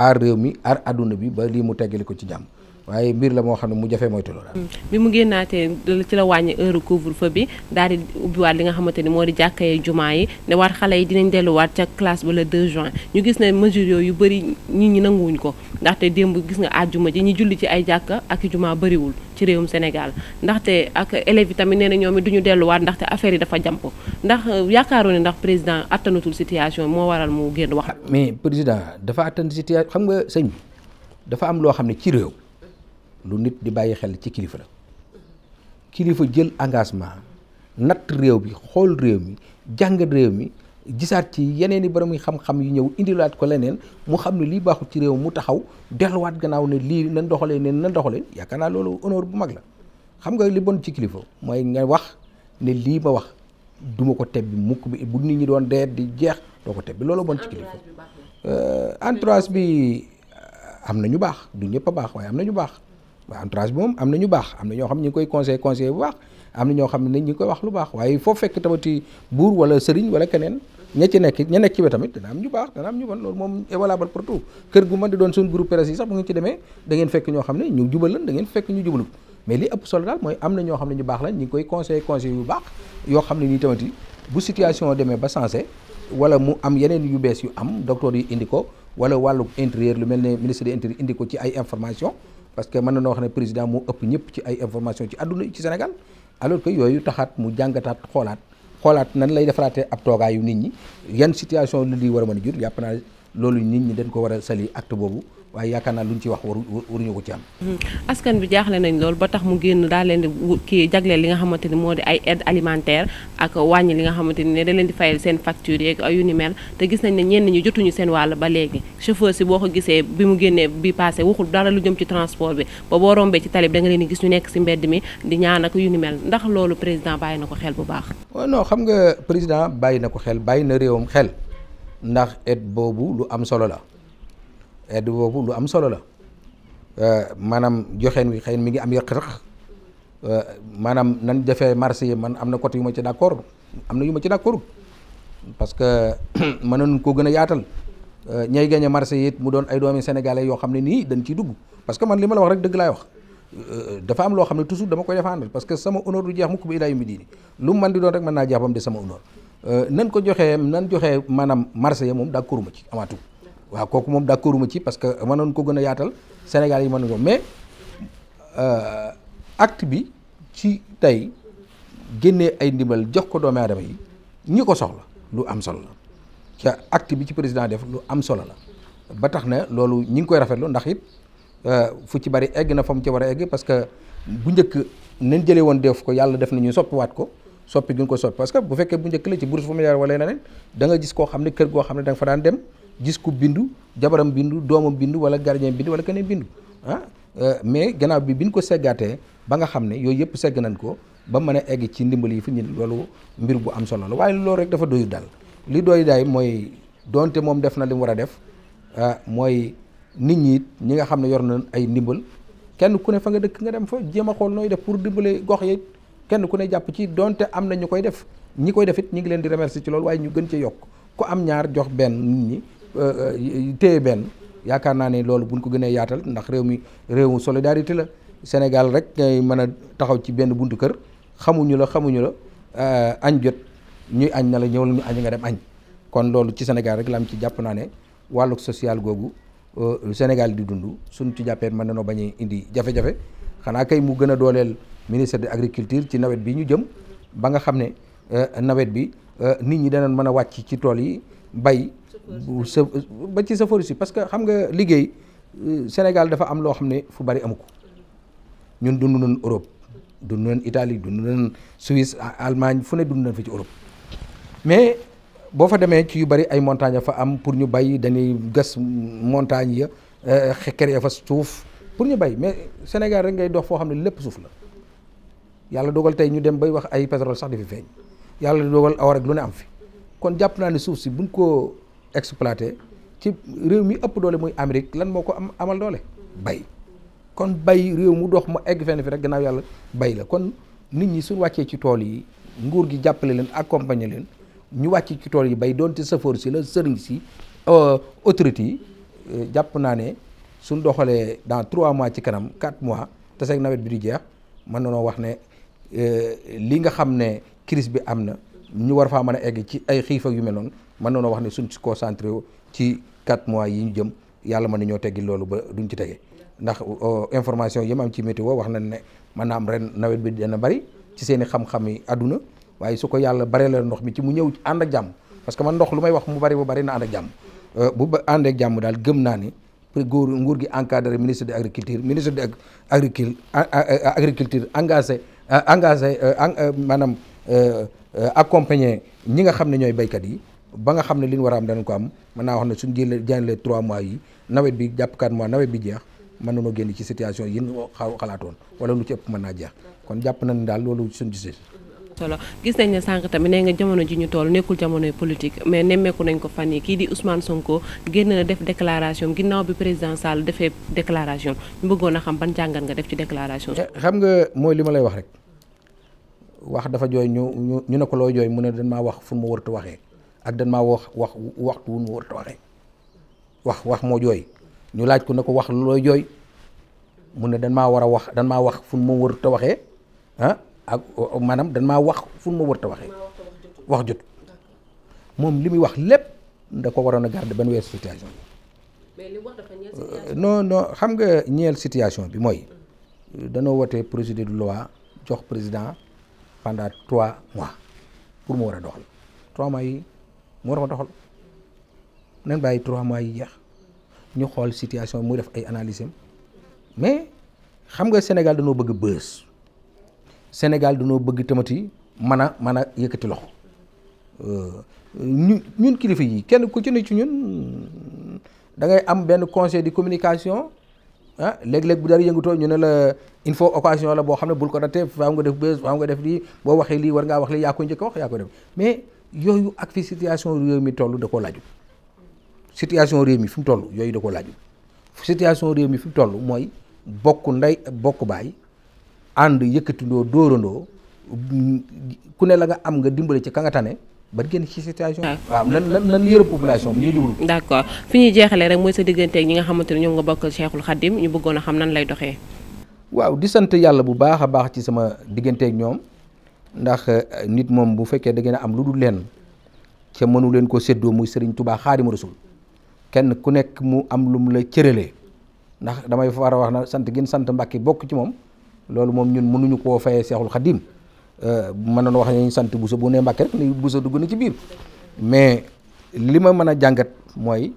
aar réew mi aar àdduna bi ba lii mu teggale ko ci jàmm waaye mbir la moo xam ne mu jafee mooy tollu daal mm. bi mu génnaatee ci la wàññi heure couvre feu bi daal di ubbiwaat li nga xamante ni moo di jàkkee jumaa yi ne waat xale yi dinañ delluwaat ca classe ba le 2 juin ñu gis ne mesures yooyu yu bëri ñi ñi nanguwuñ ko ndaxte démb gis nga àjjuma ji ñi julli ci ay jàkka ak i jumaa bëriwul ci réewum Sénégal ndaxte ak élèves yi tamit nee na ñoom it duñu delluwaat ndaxte affaire yi dafa jàmp ndax euh, yaakaaroon ne ndax président attanatul situation moo waral mu génn wax mais président dafa attan situation xam nga sëñ dafa am loo xam ne ci réew lu nit di bàyyi xel ci kilifa la kilifa jël engagement natt réew bi xool réew mi jàngat réew mi gisaat ci yeneen i borom xam-xam yi ñëw indilaat ko leneen mu xam ne lii baaxul ci réew mu taxaw delluwaat gannaaw ne lii nan doxalee ne nan doxalee yaakaar naa loolu honneur bu mag la xam nga li bon ci kilifa mooy nga wax ne lii ma wax duma ko tebbi mukk bi bu nit ñi doon dee di jeex doo ko bi loolu bon ci kilifa euh, entourage bi am na ñu baax du ñëpp a baax waaye am na ñu baax. waaw entourage moom am na ñu baax am na ñoo xam ne ñu koy conseil conseil bu baax am na ñoo xam ne ñu ngi koy wax lu baax waaye foofu fekk tamati buur wala sëriñ wala keneen ña ci nekk ña nekk ci ba tamit dana am ñu baax dana am ñu bon loolu moom est valable pour tout kër gu mën di doon suñu groupe presse yi sax bu ngeen ci demee da ngeen fekk ñoo xam ne ñu jubal lan da ngeen fekk ñu jubalul mais li ëpp solo daal mooy am ne ñu baax la koy conseil conseil yu baax yoo xam ne nii demee ba sensé wala mu am yeneen yu bees yu am docteur yi indi ko wala wàllu intérieur lu mel ne ministre de indi ko ci ay information parce que mën na noo wax ne président moo ëpp ñëpp ci ay information ci àdduna ci Sénégal alors que yooyu taxaat mu jàngataat xoolaat xoolaat nan lay defaraate ab toogaayu nit ñi yan situation lu di war a mën a jur yàpp naa loolu nit ñi dañ ko war a sali acte boobu waaye yaakaar naa luñ ci wax waru waruñu ko ci am. Mm-hmm. askan bi jaaxle nañ lool ba tax mu génn daal leen di ki jagleel li nga xamante ni moo di ay aide alimentaire ak wàññi li nga xamante ni ne da leen di fayal seen facture yeeg yu ni mel te gis nañ ne ñenn ñi jotuñu seen wàll ba léegi chauffeur si boo ko gisee bi mu génnee bi passé waxul dara lu jëm ci transport bi ba boo rombee ci talib da nga leen gis ñu nekk si mbedd mi di ñaan ak yu ni mel ndax loolu président bàyyi na ko xel bu baax. waaw oh xam nga président bàyyi na ko xel bàyyi na réewam xel ndax boobu lu am solo la aide boobu lu am solo la euh, maanaam joxeen wi xëy mi ngi am yëq-yëq euh, maanaam nan defee marché yi man am na côté yu ma ci am na yu ma ci d'accord parce que <clears throat> mënoon koo gën a yaatal euh, ñay gagné marché yi it mu doon ay doomi sénégalais yoo xam ne nii dañ ciy dugg parce que man li ma la wax rek dëgg laay wax dafa am loo xam ne toujours dama koy défendre parce que sama honneur du jeex mukk ba ilaa yu mi diini lu mu mën di doon rek mën naa jeex ba de sama honneur nan ko joxee nan joxee maanaam marché yi moom d'accorduma ci amaatu waaw kooku moom d'accorduma ci parce que mënoon ko gën a yaatal Sénégal yi mën ko mais euh, acte bi ci tey génnee ay ndimbal jox ko doomu aadama yi ñi ko soxla lu am solo la ca acte bi ci président def lu am solo la ba tax na loolu ñi ngi koy rafetlu ndax it euh, fu ci bari egg na fa mu ci war a egg parce que bu njëkk nañ jëlee woon def ko yàlla def nañu soppiwaat ko soppi duñ ko soppi parce que bu fekkee bu njëkk la ci bourse familiale wala leneen da nga gis koo xam ne kër goo xam ne da nga fa dem gis ku bindu jabaram bindu doomam bindu wala gardien bindu wala keneen bindu ah euh, mais gannaaw bi biñ ko seggaatee ba nga xam ne yooyu yëpp segg nañ ko ba mën a egg ci ndimbal yi fi ñu loolu mbir bu am solo la waaye loolu rek dafa doyu daal li doyu daay mooy donte moom def na li mu war a def ah, mooy nit ñi ñi nga xam ne yor na ay ndimbal kenn ku ne fa nga dëkk nga dem fa jéem a xool nooy def pour dimbale gox yi kenn ku ne jàpp ci donte am na ñu koy def ñi koy def ñu ngi leen di remercier ci loolu waaye ñu gën ci yokk ku am ñaar jox benn nit ñi Euh, euh, téye benn yaakaar naa ne loolu buñ ko gënee yaatal ndax réew mi réewu solidarité la Sénégal rek ngay mën a taxaw ci benn buntu kër xamuñu la xamuñu la euh, añ jot ñuy añ na la ñëwal ñu añ nga dem añ kon loolu ci Sénégal rek la am ci jàpp naa ne wàllu social googu Sénégal di dund suñ ci jàppee mën nañoo bañ a indi jafe-jafe xanaa kay mu gën a dooleel ministre de agriculture ci nawet bi ñu jëm ba nga xam ne nawet bi nit ñi danañ mën a wàcc ci tool yi bay ba ci sa si parce que xam nga liggéey euh, Sénégal dafa am loo xam ne fu bari amu ko ñun dund nañ Europe dund nañ itali dund nañ Suisse Allemagne fu ne dund na fi ci Europe mais boo fa demee ci yu bari ay montagnes fa am pour ñu bay dañuy gas montagne ya euh, xekker ya fa suuf pour ñu bay mais Sénégal rek ngay dox foo xam ne lépp suuf la yàlla dogal tey ñu dem bay wax ay pétrole sax di fi feeñ yàlla dogal aw rek lu ne am fi kon jàpp naa ne suuf si buñ ko exploité ci réew mi ëpp doole muy Amérique lan moo ko am amal doole bay kon bay réew mu dox mu egg fenn fi rek gannaaw yàlla bay la kon nit ñi suñ wàccee ci tool yi nguur gi jàppale leen accompagner leen ñu wàccee ci tool yi bay doonte safoor si la sëriñ si euh, autorité yi euh, jàpp naa ne suñ doxalee dans trois mois ci kanam quatre mois te seeg nawet bi di jeex mën na noo wax ne euh, li nga xam ne crise bi am na ñu war faa mën a egg ci ay xiif ak yu mel noonu mën nañoo wax ne suñ si concentré ci 4 mois yi ñu jëm yàlla mën nañoo teggi loolu ba duñ ci tege ndax euh, information yi ma am ci météo wax nañ ne maanaam ren nawet bi dana bari ci seen i xam-xam yi àdduna waaye su ko yàlla baree la ndox mi ci mu ñëw ànd ak jàmm parce que man ndox lu may wax mu bari bu bari na ànd ak jàmm euh, bu ba jàmm daal gëm naa ni góor nguur gi encadré ministre de agriculture ministre de agricul agriculture engage engagé euh, maanaam accompagner ñi nga xam ne ñooy béykat yi ba nga xam ne li ñu war a am danañ ko am mën naa wax ne suñ jëlee jëlee trois mois yi nawet bi jàpp quatre mois nawet bi jeex mën nañoo génn ci situation yi ñu xaw xalaatoon wala lu ci ëpp mën naa jeex kon jàpp nañ daal loolu suñ gisee. gis nañ ne sànq tamit ne nga jamono ji ñu tool nekkul jamonoy politique mais nemmeeku nañ ko fan yi kii di Ousmane Sonko génn na def déclaration ginnaaw bi président Sall defee déclaration ñu bëggoon a xam ban jàngat nga def ci déclaration. Eh, xam nga mooy li ma lay wax rek wax dafa jooy ñu ñu ne ko loo jooy mu ne dañ maa wax fu mu wërta waxee ak dan maa wax wax waxtu wu nu war waxee wax wax moo jooy ñu laaj ko na ko wax looy jooy mun ne dan maa war a wax dan maa wax fu mu ma waxee ah ak maanaam dan maa wax fu ma warut a wax jot moom li muy wax lépp da ko waroon a garder ban weer euh, situation bi non non xam nga ñeel situation bi mooy danoo wote projet de loi jox président pendant trois mois pour mu war a doxal trois mois moo war a doxal nañ bàyyi trois mois yi jeex ñu xool situation muy def ay analyse mais xam nga Sénégal danoo bëgg bës Sénégal dañoo bëgg tamati mën a mën a yëkkati loxo euh, ñu ñun kilifa yi kenn ku ci ne ci ñun da ngay am benn conseil de communication ah léeg bu dara yëngutoo ñu ne la il faut la boo xam ne bul ko ratee faaw nga def bës faaw nga def lii boo waxee lii war ngaa wax lii yaa ko njëkk wax yaa ko def mais. yooyu ak fi situation réew mi toll da ko laaju situation réew mi fi mu toll yooyu da ko laaju situation réew mi fi mu toll mooy bokk ndey bokk baay ànd yëkkatindoo dóorandoo ku ne la nga am nga dimbale ci ka ba ngeen ci situation. waaw nan nan nan yërëm population bi ñu jublu. fi ñu jeexalee rek mooy sa diggante ak ñi nga xamante ne ñoom nga bokkal Cheikhul Khadim ñu bëggoon a xam nan lay doxee. waaw di sant yàlla bu baax a baax ci sama digganteeg ñoom. ndax euh, nit moom bu fekkee da ngeen a am lu dul leen ca mënu leen ko séddoo muy sëriñ tubaa xaadimu rasul kenn ku nekk mu am lu mu la cëralee ndax damay war wax na sant gin sant mbàkki bokk ci moom loolu moom ñun mënuñu koo fayee seexul xadim euh, mën nañu wax ne sant busa bu ne mbàkki rek ni dugg na ci biir mais li ma mën a jàngat mooy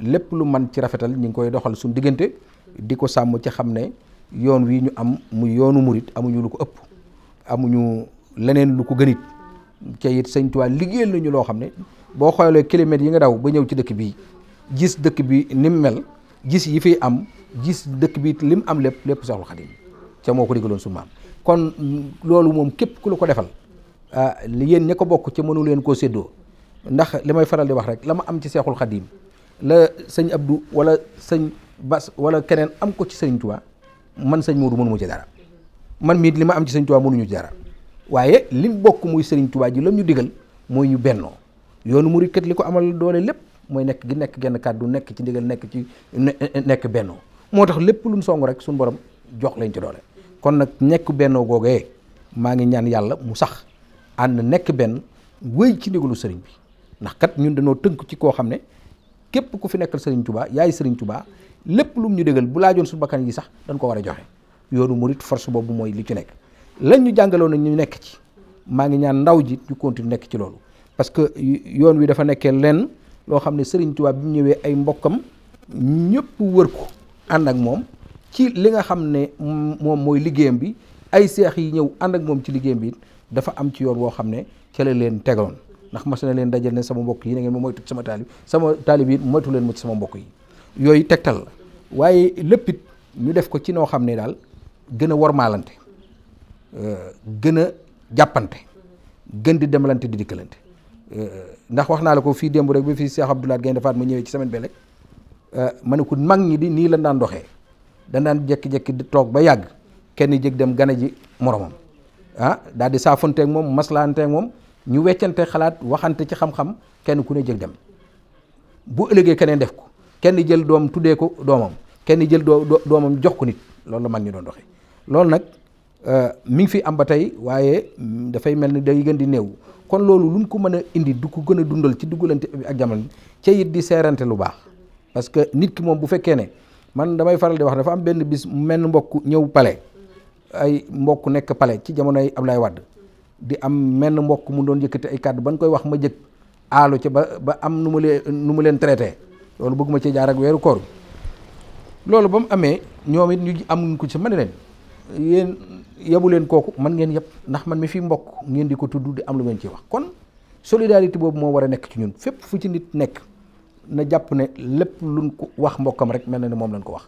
lépp lu man ci rafetal ñu ngi koy doxal suñu diggante di ko sàmm ci xam ne yoon wii ñu am mu yoonu murit amuñu lu ko ëpp amuñu leneen lu ko gënit ca it sëñ Tuubaa liggéeyal nañu loo xam ne boo xoolee kilomètres yi nga daw ba ñëw ci dëkk bii gis dëkk bi ni mu mel gis yi fiy am gis dëkk bi li mu am lépp lépp Seexul Xadiim ca moo ko digaloon su maam kon loolu moom képp ku la ko defal ah, li yéen ña ko bokk ci mënu leen koo séddoo ndax li may faral di wax rek la ma am ci Seexul Xadiim la sëñ Abdou walla sëñ Bas wala keneen am ko ci sëñ Tuubaa man sëñ Moodu mënu ma ci dara man miit li ma am ci sëñ mënuñu ci waaye lim bokk muy sëriñ tubaa ji lam ñu digal mooy ñu bennoo yoonu murit kat li ko amal doole lépp mooy nekk gi nekk genn kàddu nekk ci ndigal nekk ci nekk bennoo moo tax lépp lu mu song rek suñu borom jox lañ ci doole kon nag nekk bennoo googee maa ngi ñaan yàlla mu sax ànd nekk benn wéy ci ndigalu sëriñ bi ndax kat ñun dañoo tënk ci koo xam ne képp ku fi nekkal sëriñ tubaa yaay sëriñ tubaa lépp lu mu ñu digal bu laajoon su bakkan yi sax dañ ko war a joxe yoonu murit force boobu mooy li ci nekk lañ ñu jàngaloon ñu nekk ci maa ngi ñaan ndaw ji ñu continue nekk ci loolu parce que yoon wi dafa nekkee lenn loo xam ne Serigne Touba bi mu ñëwee ay mbokkam ñëpp wër ko ànd ak moom ci li nga xam ne moom mooy liggéeyam bi ay seex yi ñëw ànd ak moom ci liggéeyam bi dafa am ci yoon woo xam ne cele leen tegoon ndax mas na leen dajal ne sama mbokk yi na ngeen ma moytu sama taalib sama taalib yi moytu leen ma ci sama mbokk yi yooyu tegtal la waaye lépp it ñu def ko ci noo xam ne daal gën a warmaalante Euh, gën a jàppante gën di demalante di dikkalante euh, ndax wax naa la ko fii démb rek ba fii Cheikh Abdoulaye Gaye defaat mu ñëwee ci semaine bele euh, ma ne ko mag ñi di nii lan daan doxee dan daan jekki-jekki di toog ba yàgg kenn jég dem gane ji moromam ah daal di saafonteeg moom maslaanteeg moom ñu weccante xalaat waxante ci xam-xam kenn ku ne jég dem bu ëllëgee keneen def ko kenn jël doom tuddee ko doomam kenn jël doomam jox ko nit loolu la mag ñi doon doxee Euh, mi ngi fi am ba tey waaye mm, dafay mel ni day gën di néew kon loolu lu mu ko mën a indi du ko gën a dundal ci duggalante bi ak jamono ca it di seerante lu baax parce que nit ki moom bu fekkee ne man damay faral di wax dafa am benn bis menn mbokk ñëw pale ay mbokk nekk pale ci ab Ablaye Wade di am menn mbokk mu doon yëkkati ay kàddu ban koy wax ma jëkk aalu ci ba ba am nu mu leen nu mu leen traité loolu bëgguma ci jaar ak weeru koor loolu ba mu amee ñoom it ñu am ko ci mën leen yéen yabu leen kooku man ngeen yëpp ndax man mi fi mbokk ngeen di ko tudd di am lu ngeen ci wax kon solidarité boobu moo war a nekk ci ñun fépp fu ci nit nekk na jàpp ne lépp luñ ko wax mbokkam rek mel na ne moom lañ ko wax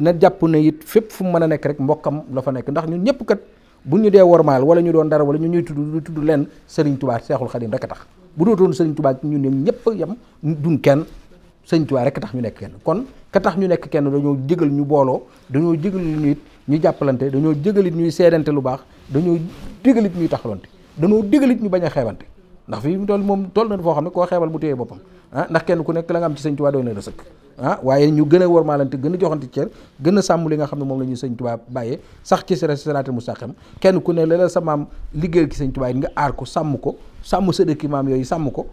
na jàpp ne it fépp fu mu mën a nekk rek mbokkam la fa nekk ndax ñun ñëpp kat bu ñu dee wormaal wala ñu doon dara wala ñu ñuy tudd ñu tudd leen Serigne Touba Seexul Xadim rek a tax bu dootoon Serigne Touba ñun ñoom ñëpp yam duñ kenn Serigne Touba rek tax ñu nekk kenn kon ka ñu nekk kenn dañoo jégal ñu booloo dañoo jégal ñu ñu jàppalante dañoo jëgalit ñuy seedante lu baax dañoo digalit ñuy taxawante dañoo digalit ñu bañ a xeebante ndax fii mu toll moom toll na foo xam ne koo xeebal mu téye boppam ah, ndax kenn ku nekk la nga am ci sëñ Tuubaa ah, waaye ñu gën a gën a joxante ceer gën a sàmm li nga xam ne moom la ñuy sëñ Tuubaa bàyyee sax ci siraatal mustaqiim kenn ku ne la sa maam liggéeyal ci sëñ Tuubaa nga aar ko sàmm ko sàmm sa dëkki maam yooyu sàmm ko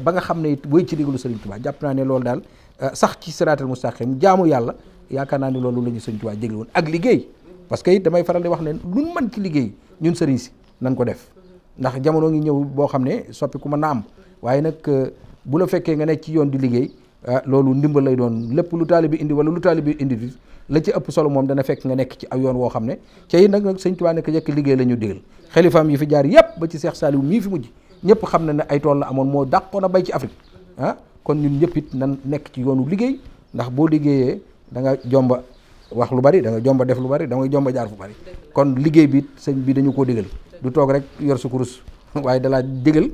ba nga xam ne it wéy ci diglu sëriñ Tuubaa jàpp naa ne loolu daal eh, sax ci siraatal mustaqiim jaamu yàlla yaakaar naa ni loolu lañu ñu sëñ Tuubaa jégle woon ak liggéey parce que it damay faral di wax ne lu mën ci liggéey ñun sëriñ si nan ko def ndax jamono ngi ñëw boo xam ne soppi ku mën na am waaye nag euh, bu la fekkee nga nekk ci yoon di liggéey euh, loolu ndimbal lay doon lépp lu taalibe indi wala lu taalibe indi bi la ci ëpp solo moom dana fekk nga nekk ci aw yoon woo xam ne ca yi nag nag sëñ Tuubaa nekk jekk liggéey la ñu digal yi fi jaar yëpp ba ci Seex Saaliw mii fi mujj ñëpp xam na ne ay tool la amoon moo dàqoon a bay ci Afrique ah, kon ñun ñëpp it nan nekk ci yoonu liggéey ndax boo liggéeyee danga jomba wax lu bari da jomba def lu bari da jomba jaar fu bari kon liggéey bi sëñ bi dañu koo digal du toog rek yor sa kurus <laughs> waaye dalaa digal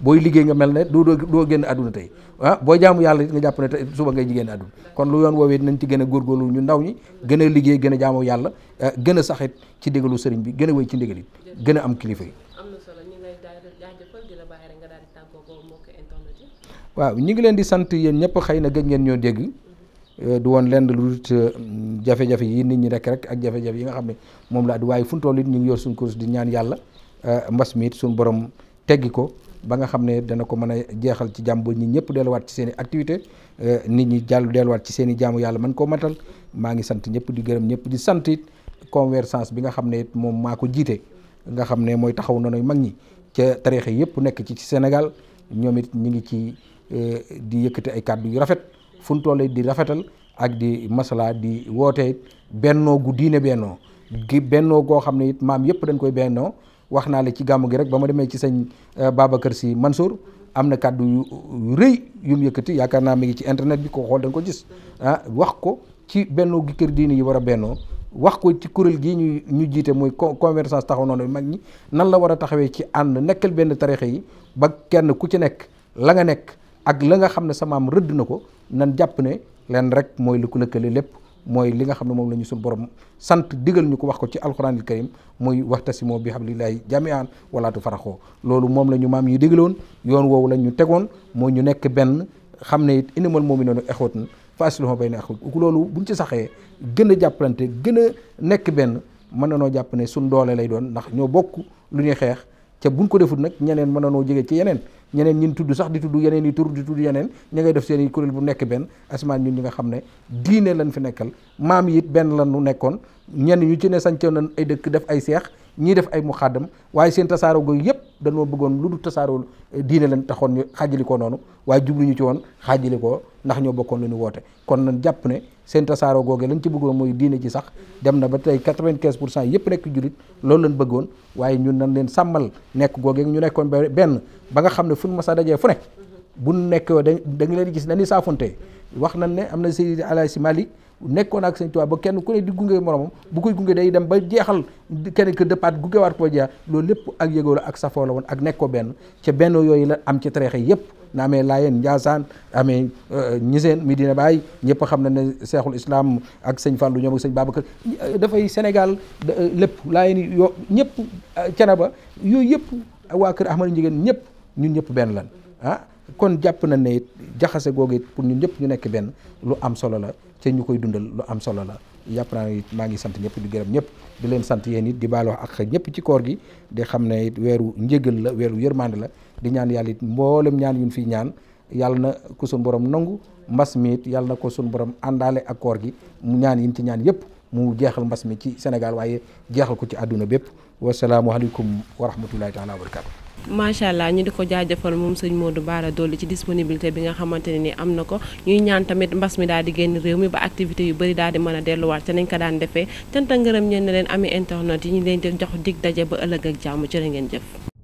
booy liggéey nga mel ne du doo génn àdduna tey ah booy jaamu yàlla it nga jàpp ne tey suba ngay jigéen àdduna kon lu yoon woowee nañ ci gën a góorgóorlu ñu ndaw ñi gën a liggéey gën a jaamu yàlla eh, gën a saxit ci digalu sëriñ bi gën a wéy ci ndigal it gën a am kilifa yi. waaw ñu ngi leen di sant yéen ñëpp xëy na gëj ngeen ñoo dégg Euh, di woon lend lu dut euh, jafe-jafe yi nit ñi rek rek ak jafe-jafe yi nga xam ne moom laa di waaye fu mu ñu ngi yor suñ kurus di ñaan yàlla euh, mbas mi suñ borom teggi ko ba nga xam ne dana ko mën a jeexal ci jàmm ñi ñëpp delluwaat ci seen i activité nit ñi jàll delluwaat ci seen i jaamu yàlla man koo matal maa ngi sant ñëpp di gërëm ñëpp di sant it convergence bi nga xam ne it moom maa ko jiite nga xam ne mooy taxaw noonu mag ñi ca tariixa yëpp nekk ci ci Sénégal ñoom it ñu ngi ci di yëkkati ay kàddu yu rafet fu mu toll di rafetal ak di masalaa di wootee bennoo gu diine bennoo gi bennoo goo xam ne it maam yëpp dañ koy bennoo wax naa la ci gàmmu gi rek ba ma demee ci sañ sëñ euh, Babacar Sy Mansour am na kàddu yu rëy yu mu yëkkati yaakaar naa mi ngi ci internet bi ko xool dañ ko gis ah, wax ko ci bennoo gi kër diine yi war a bennoo wax ko ci kuréel gii ñu ñu jiite muy convergence taxaw noonu mag ñi nan la war a taxawee ci ànd nekkal benn tarixe yi ba kenn ku ci nekk la nga nekk ak la nga xam ne sa maam rëdd na ko nan jàpp ne leen rek mooy lu ko lëkkale lépp mooy li nga xam ne moom la ñu suñu borom sant digal ñu ko wax ko ci alxuraanil karim muy waxtasimoo bi hablillahi jami'an wala tufaraxoo loolu moom la ñu maam yi digaloon yoon woowu lañ ñu tegoon moo ñu nekk benn xam ne it moom innamal mu'minuuna ixwatun fa bay bayna axawaykum loolu bu buñ ci saxee gën a jàppalante gën a nekk benn mën na noo jàpp ne suñ doolee lay doon ndax ñoo bokk lu ñuy xeex ca buñ ko defut nag ñeneen mën nanoo jege ci yeneen ñeneen ñin tudd sax di tudd yeneen yi tur di tudd yeneen ña ngay def seen bu nekk benn asmaan ñun ñi nga xam ne diine lañ fi nekkal maam yi it benn lan nu nekkoon ñenn ñu ci ne sañcoon nañ ay dëkk def ay seex ñii def ay muxaddam waaye seen tasaaroo googu yëpp dañoo bëggoon lu du tasaaroo diine lañ taxoon ñu xaajali ko noonu waaye jubluñu ci woon xaajali ko ndax ñoo bokkoon lu ñu woote kon nañ jàpp ne seen tasaaroo googe lañ ci bëggoon mooy diine ji sax dem na ba tey quatre-vingt-quinze pour cent yëpp nekk jullit loolu lañ bëggoon waaye ñun nañ leen sàmmal nekk googe ñu nekkoon benn ba nga xam ne fu ñu a dajee fu nekk bu nekk yow da leen gis na ni saafonte wax na ne am na Seydi Alaaji Malik nekkoon ak Sëñ Tuubaa ba kenn ku ne di gunge moromam bu koy gunge day dem ba jeexal kenn que dëppaat gungewaat ko jeex loolu lépp ak yëgoo la ak safoo la woon ak nekk ko benn ca benn yooyu la am ci tariixa yëpp na amee Laayeen Njaasaan amee euh, Ñiseen dina Baay ñëpp xam na ne Seexul Islaam ak Sëñ Fallu ñoom ak Sëñ Babacar dafay Sénégal euh, lépp Laayeen yoo ñëpp cene euh, ba yooyu yëpp waa kër Ahmadu Njigéen ñëpp ñun ñëpp benn lan ah kon jàpp na ne it jaxase googu it pour ñun ñëpp ñu nekk benn lu am solo la te ñu koy dundal lu am solo la yàpp naa maa ngi sant ñëpp di gërëm ñëpp di leen sant yéen it di baal wax ak ñëpp ci koor gi di xam ne it weeru njégal la weeru yërmande la di ñaan yàlla it mboolem ñaan yuñ fiy ñaan yàlla na ko suñu borom nangu mbas mi it yàlla na ko suñu borom àndaale ak koor gi mu ñaan yin ci ñaan yëpp mu jeexal mbas mi ci Sénégal waaye jeexal ko ci àdduna bépp wasalaamualeykum wa rahmatullahi taala wa barakatu macha allah ñu di ko jaajëfal moom sëñ du Bara Dolly ci disponibilité bi nga xamante ne ni am na ko ñuy ñaan tamit mbas mi daal di génn réew mi ba activité yu bëri daal di mën delluwaat te nañ ko daan defee canta ngërëm ñeen leen amee internet yi ñu leen di jox dig daje ba ëllëg ak jàmm jërë ngeen jëf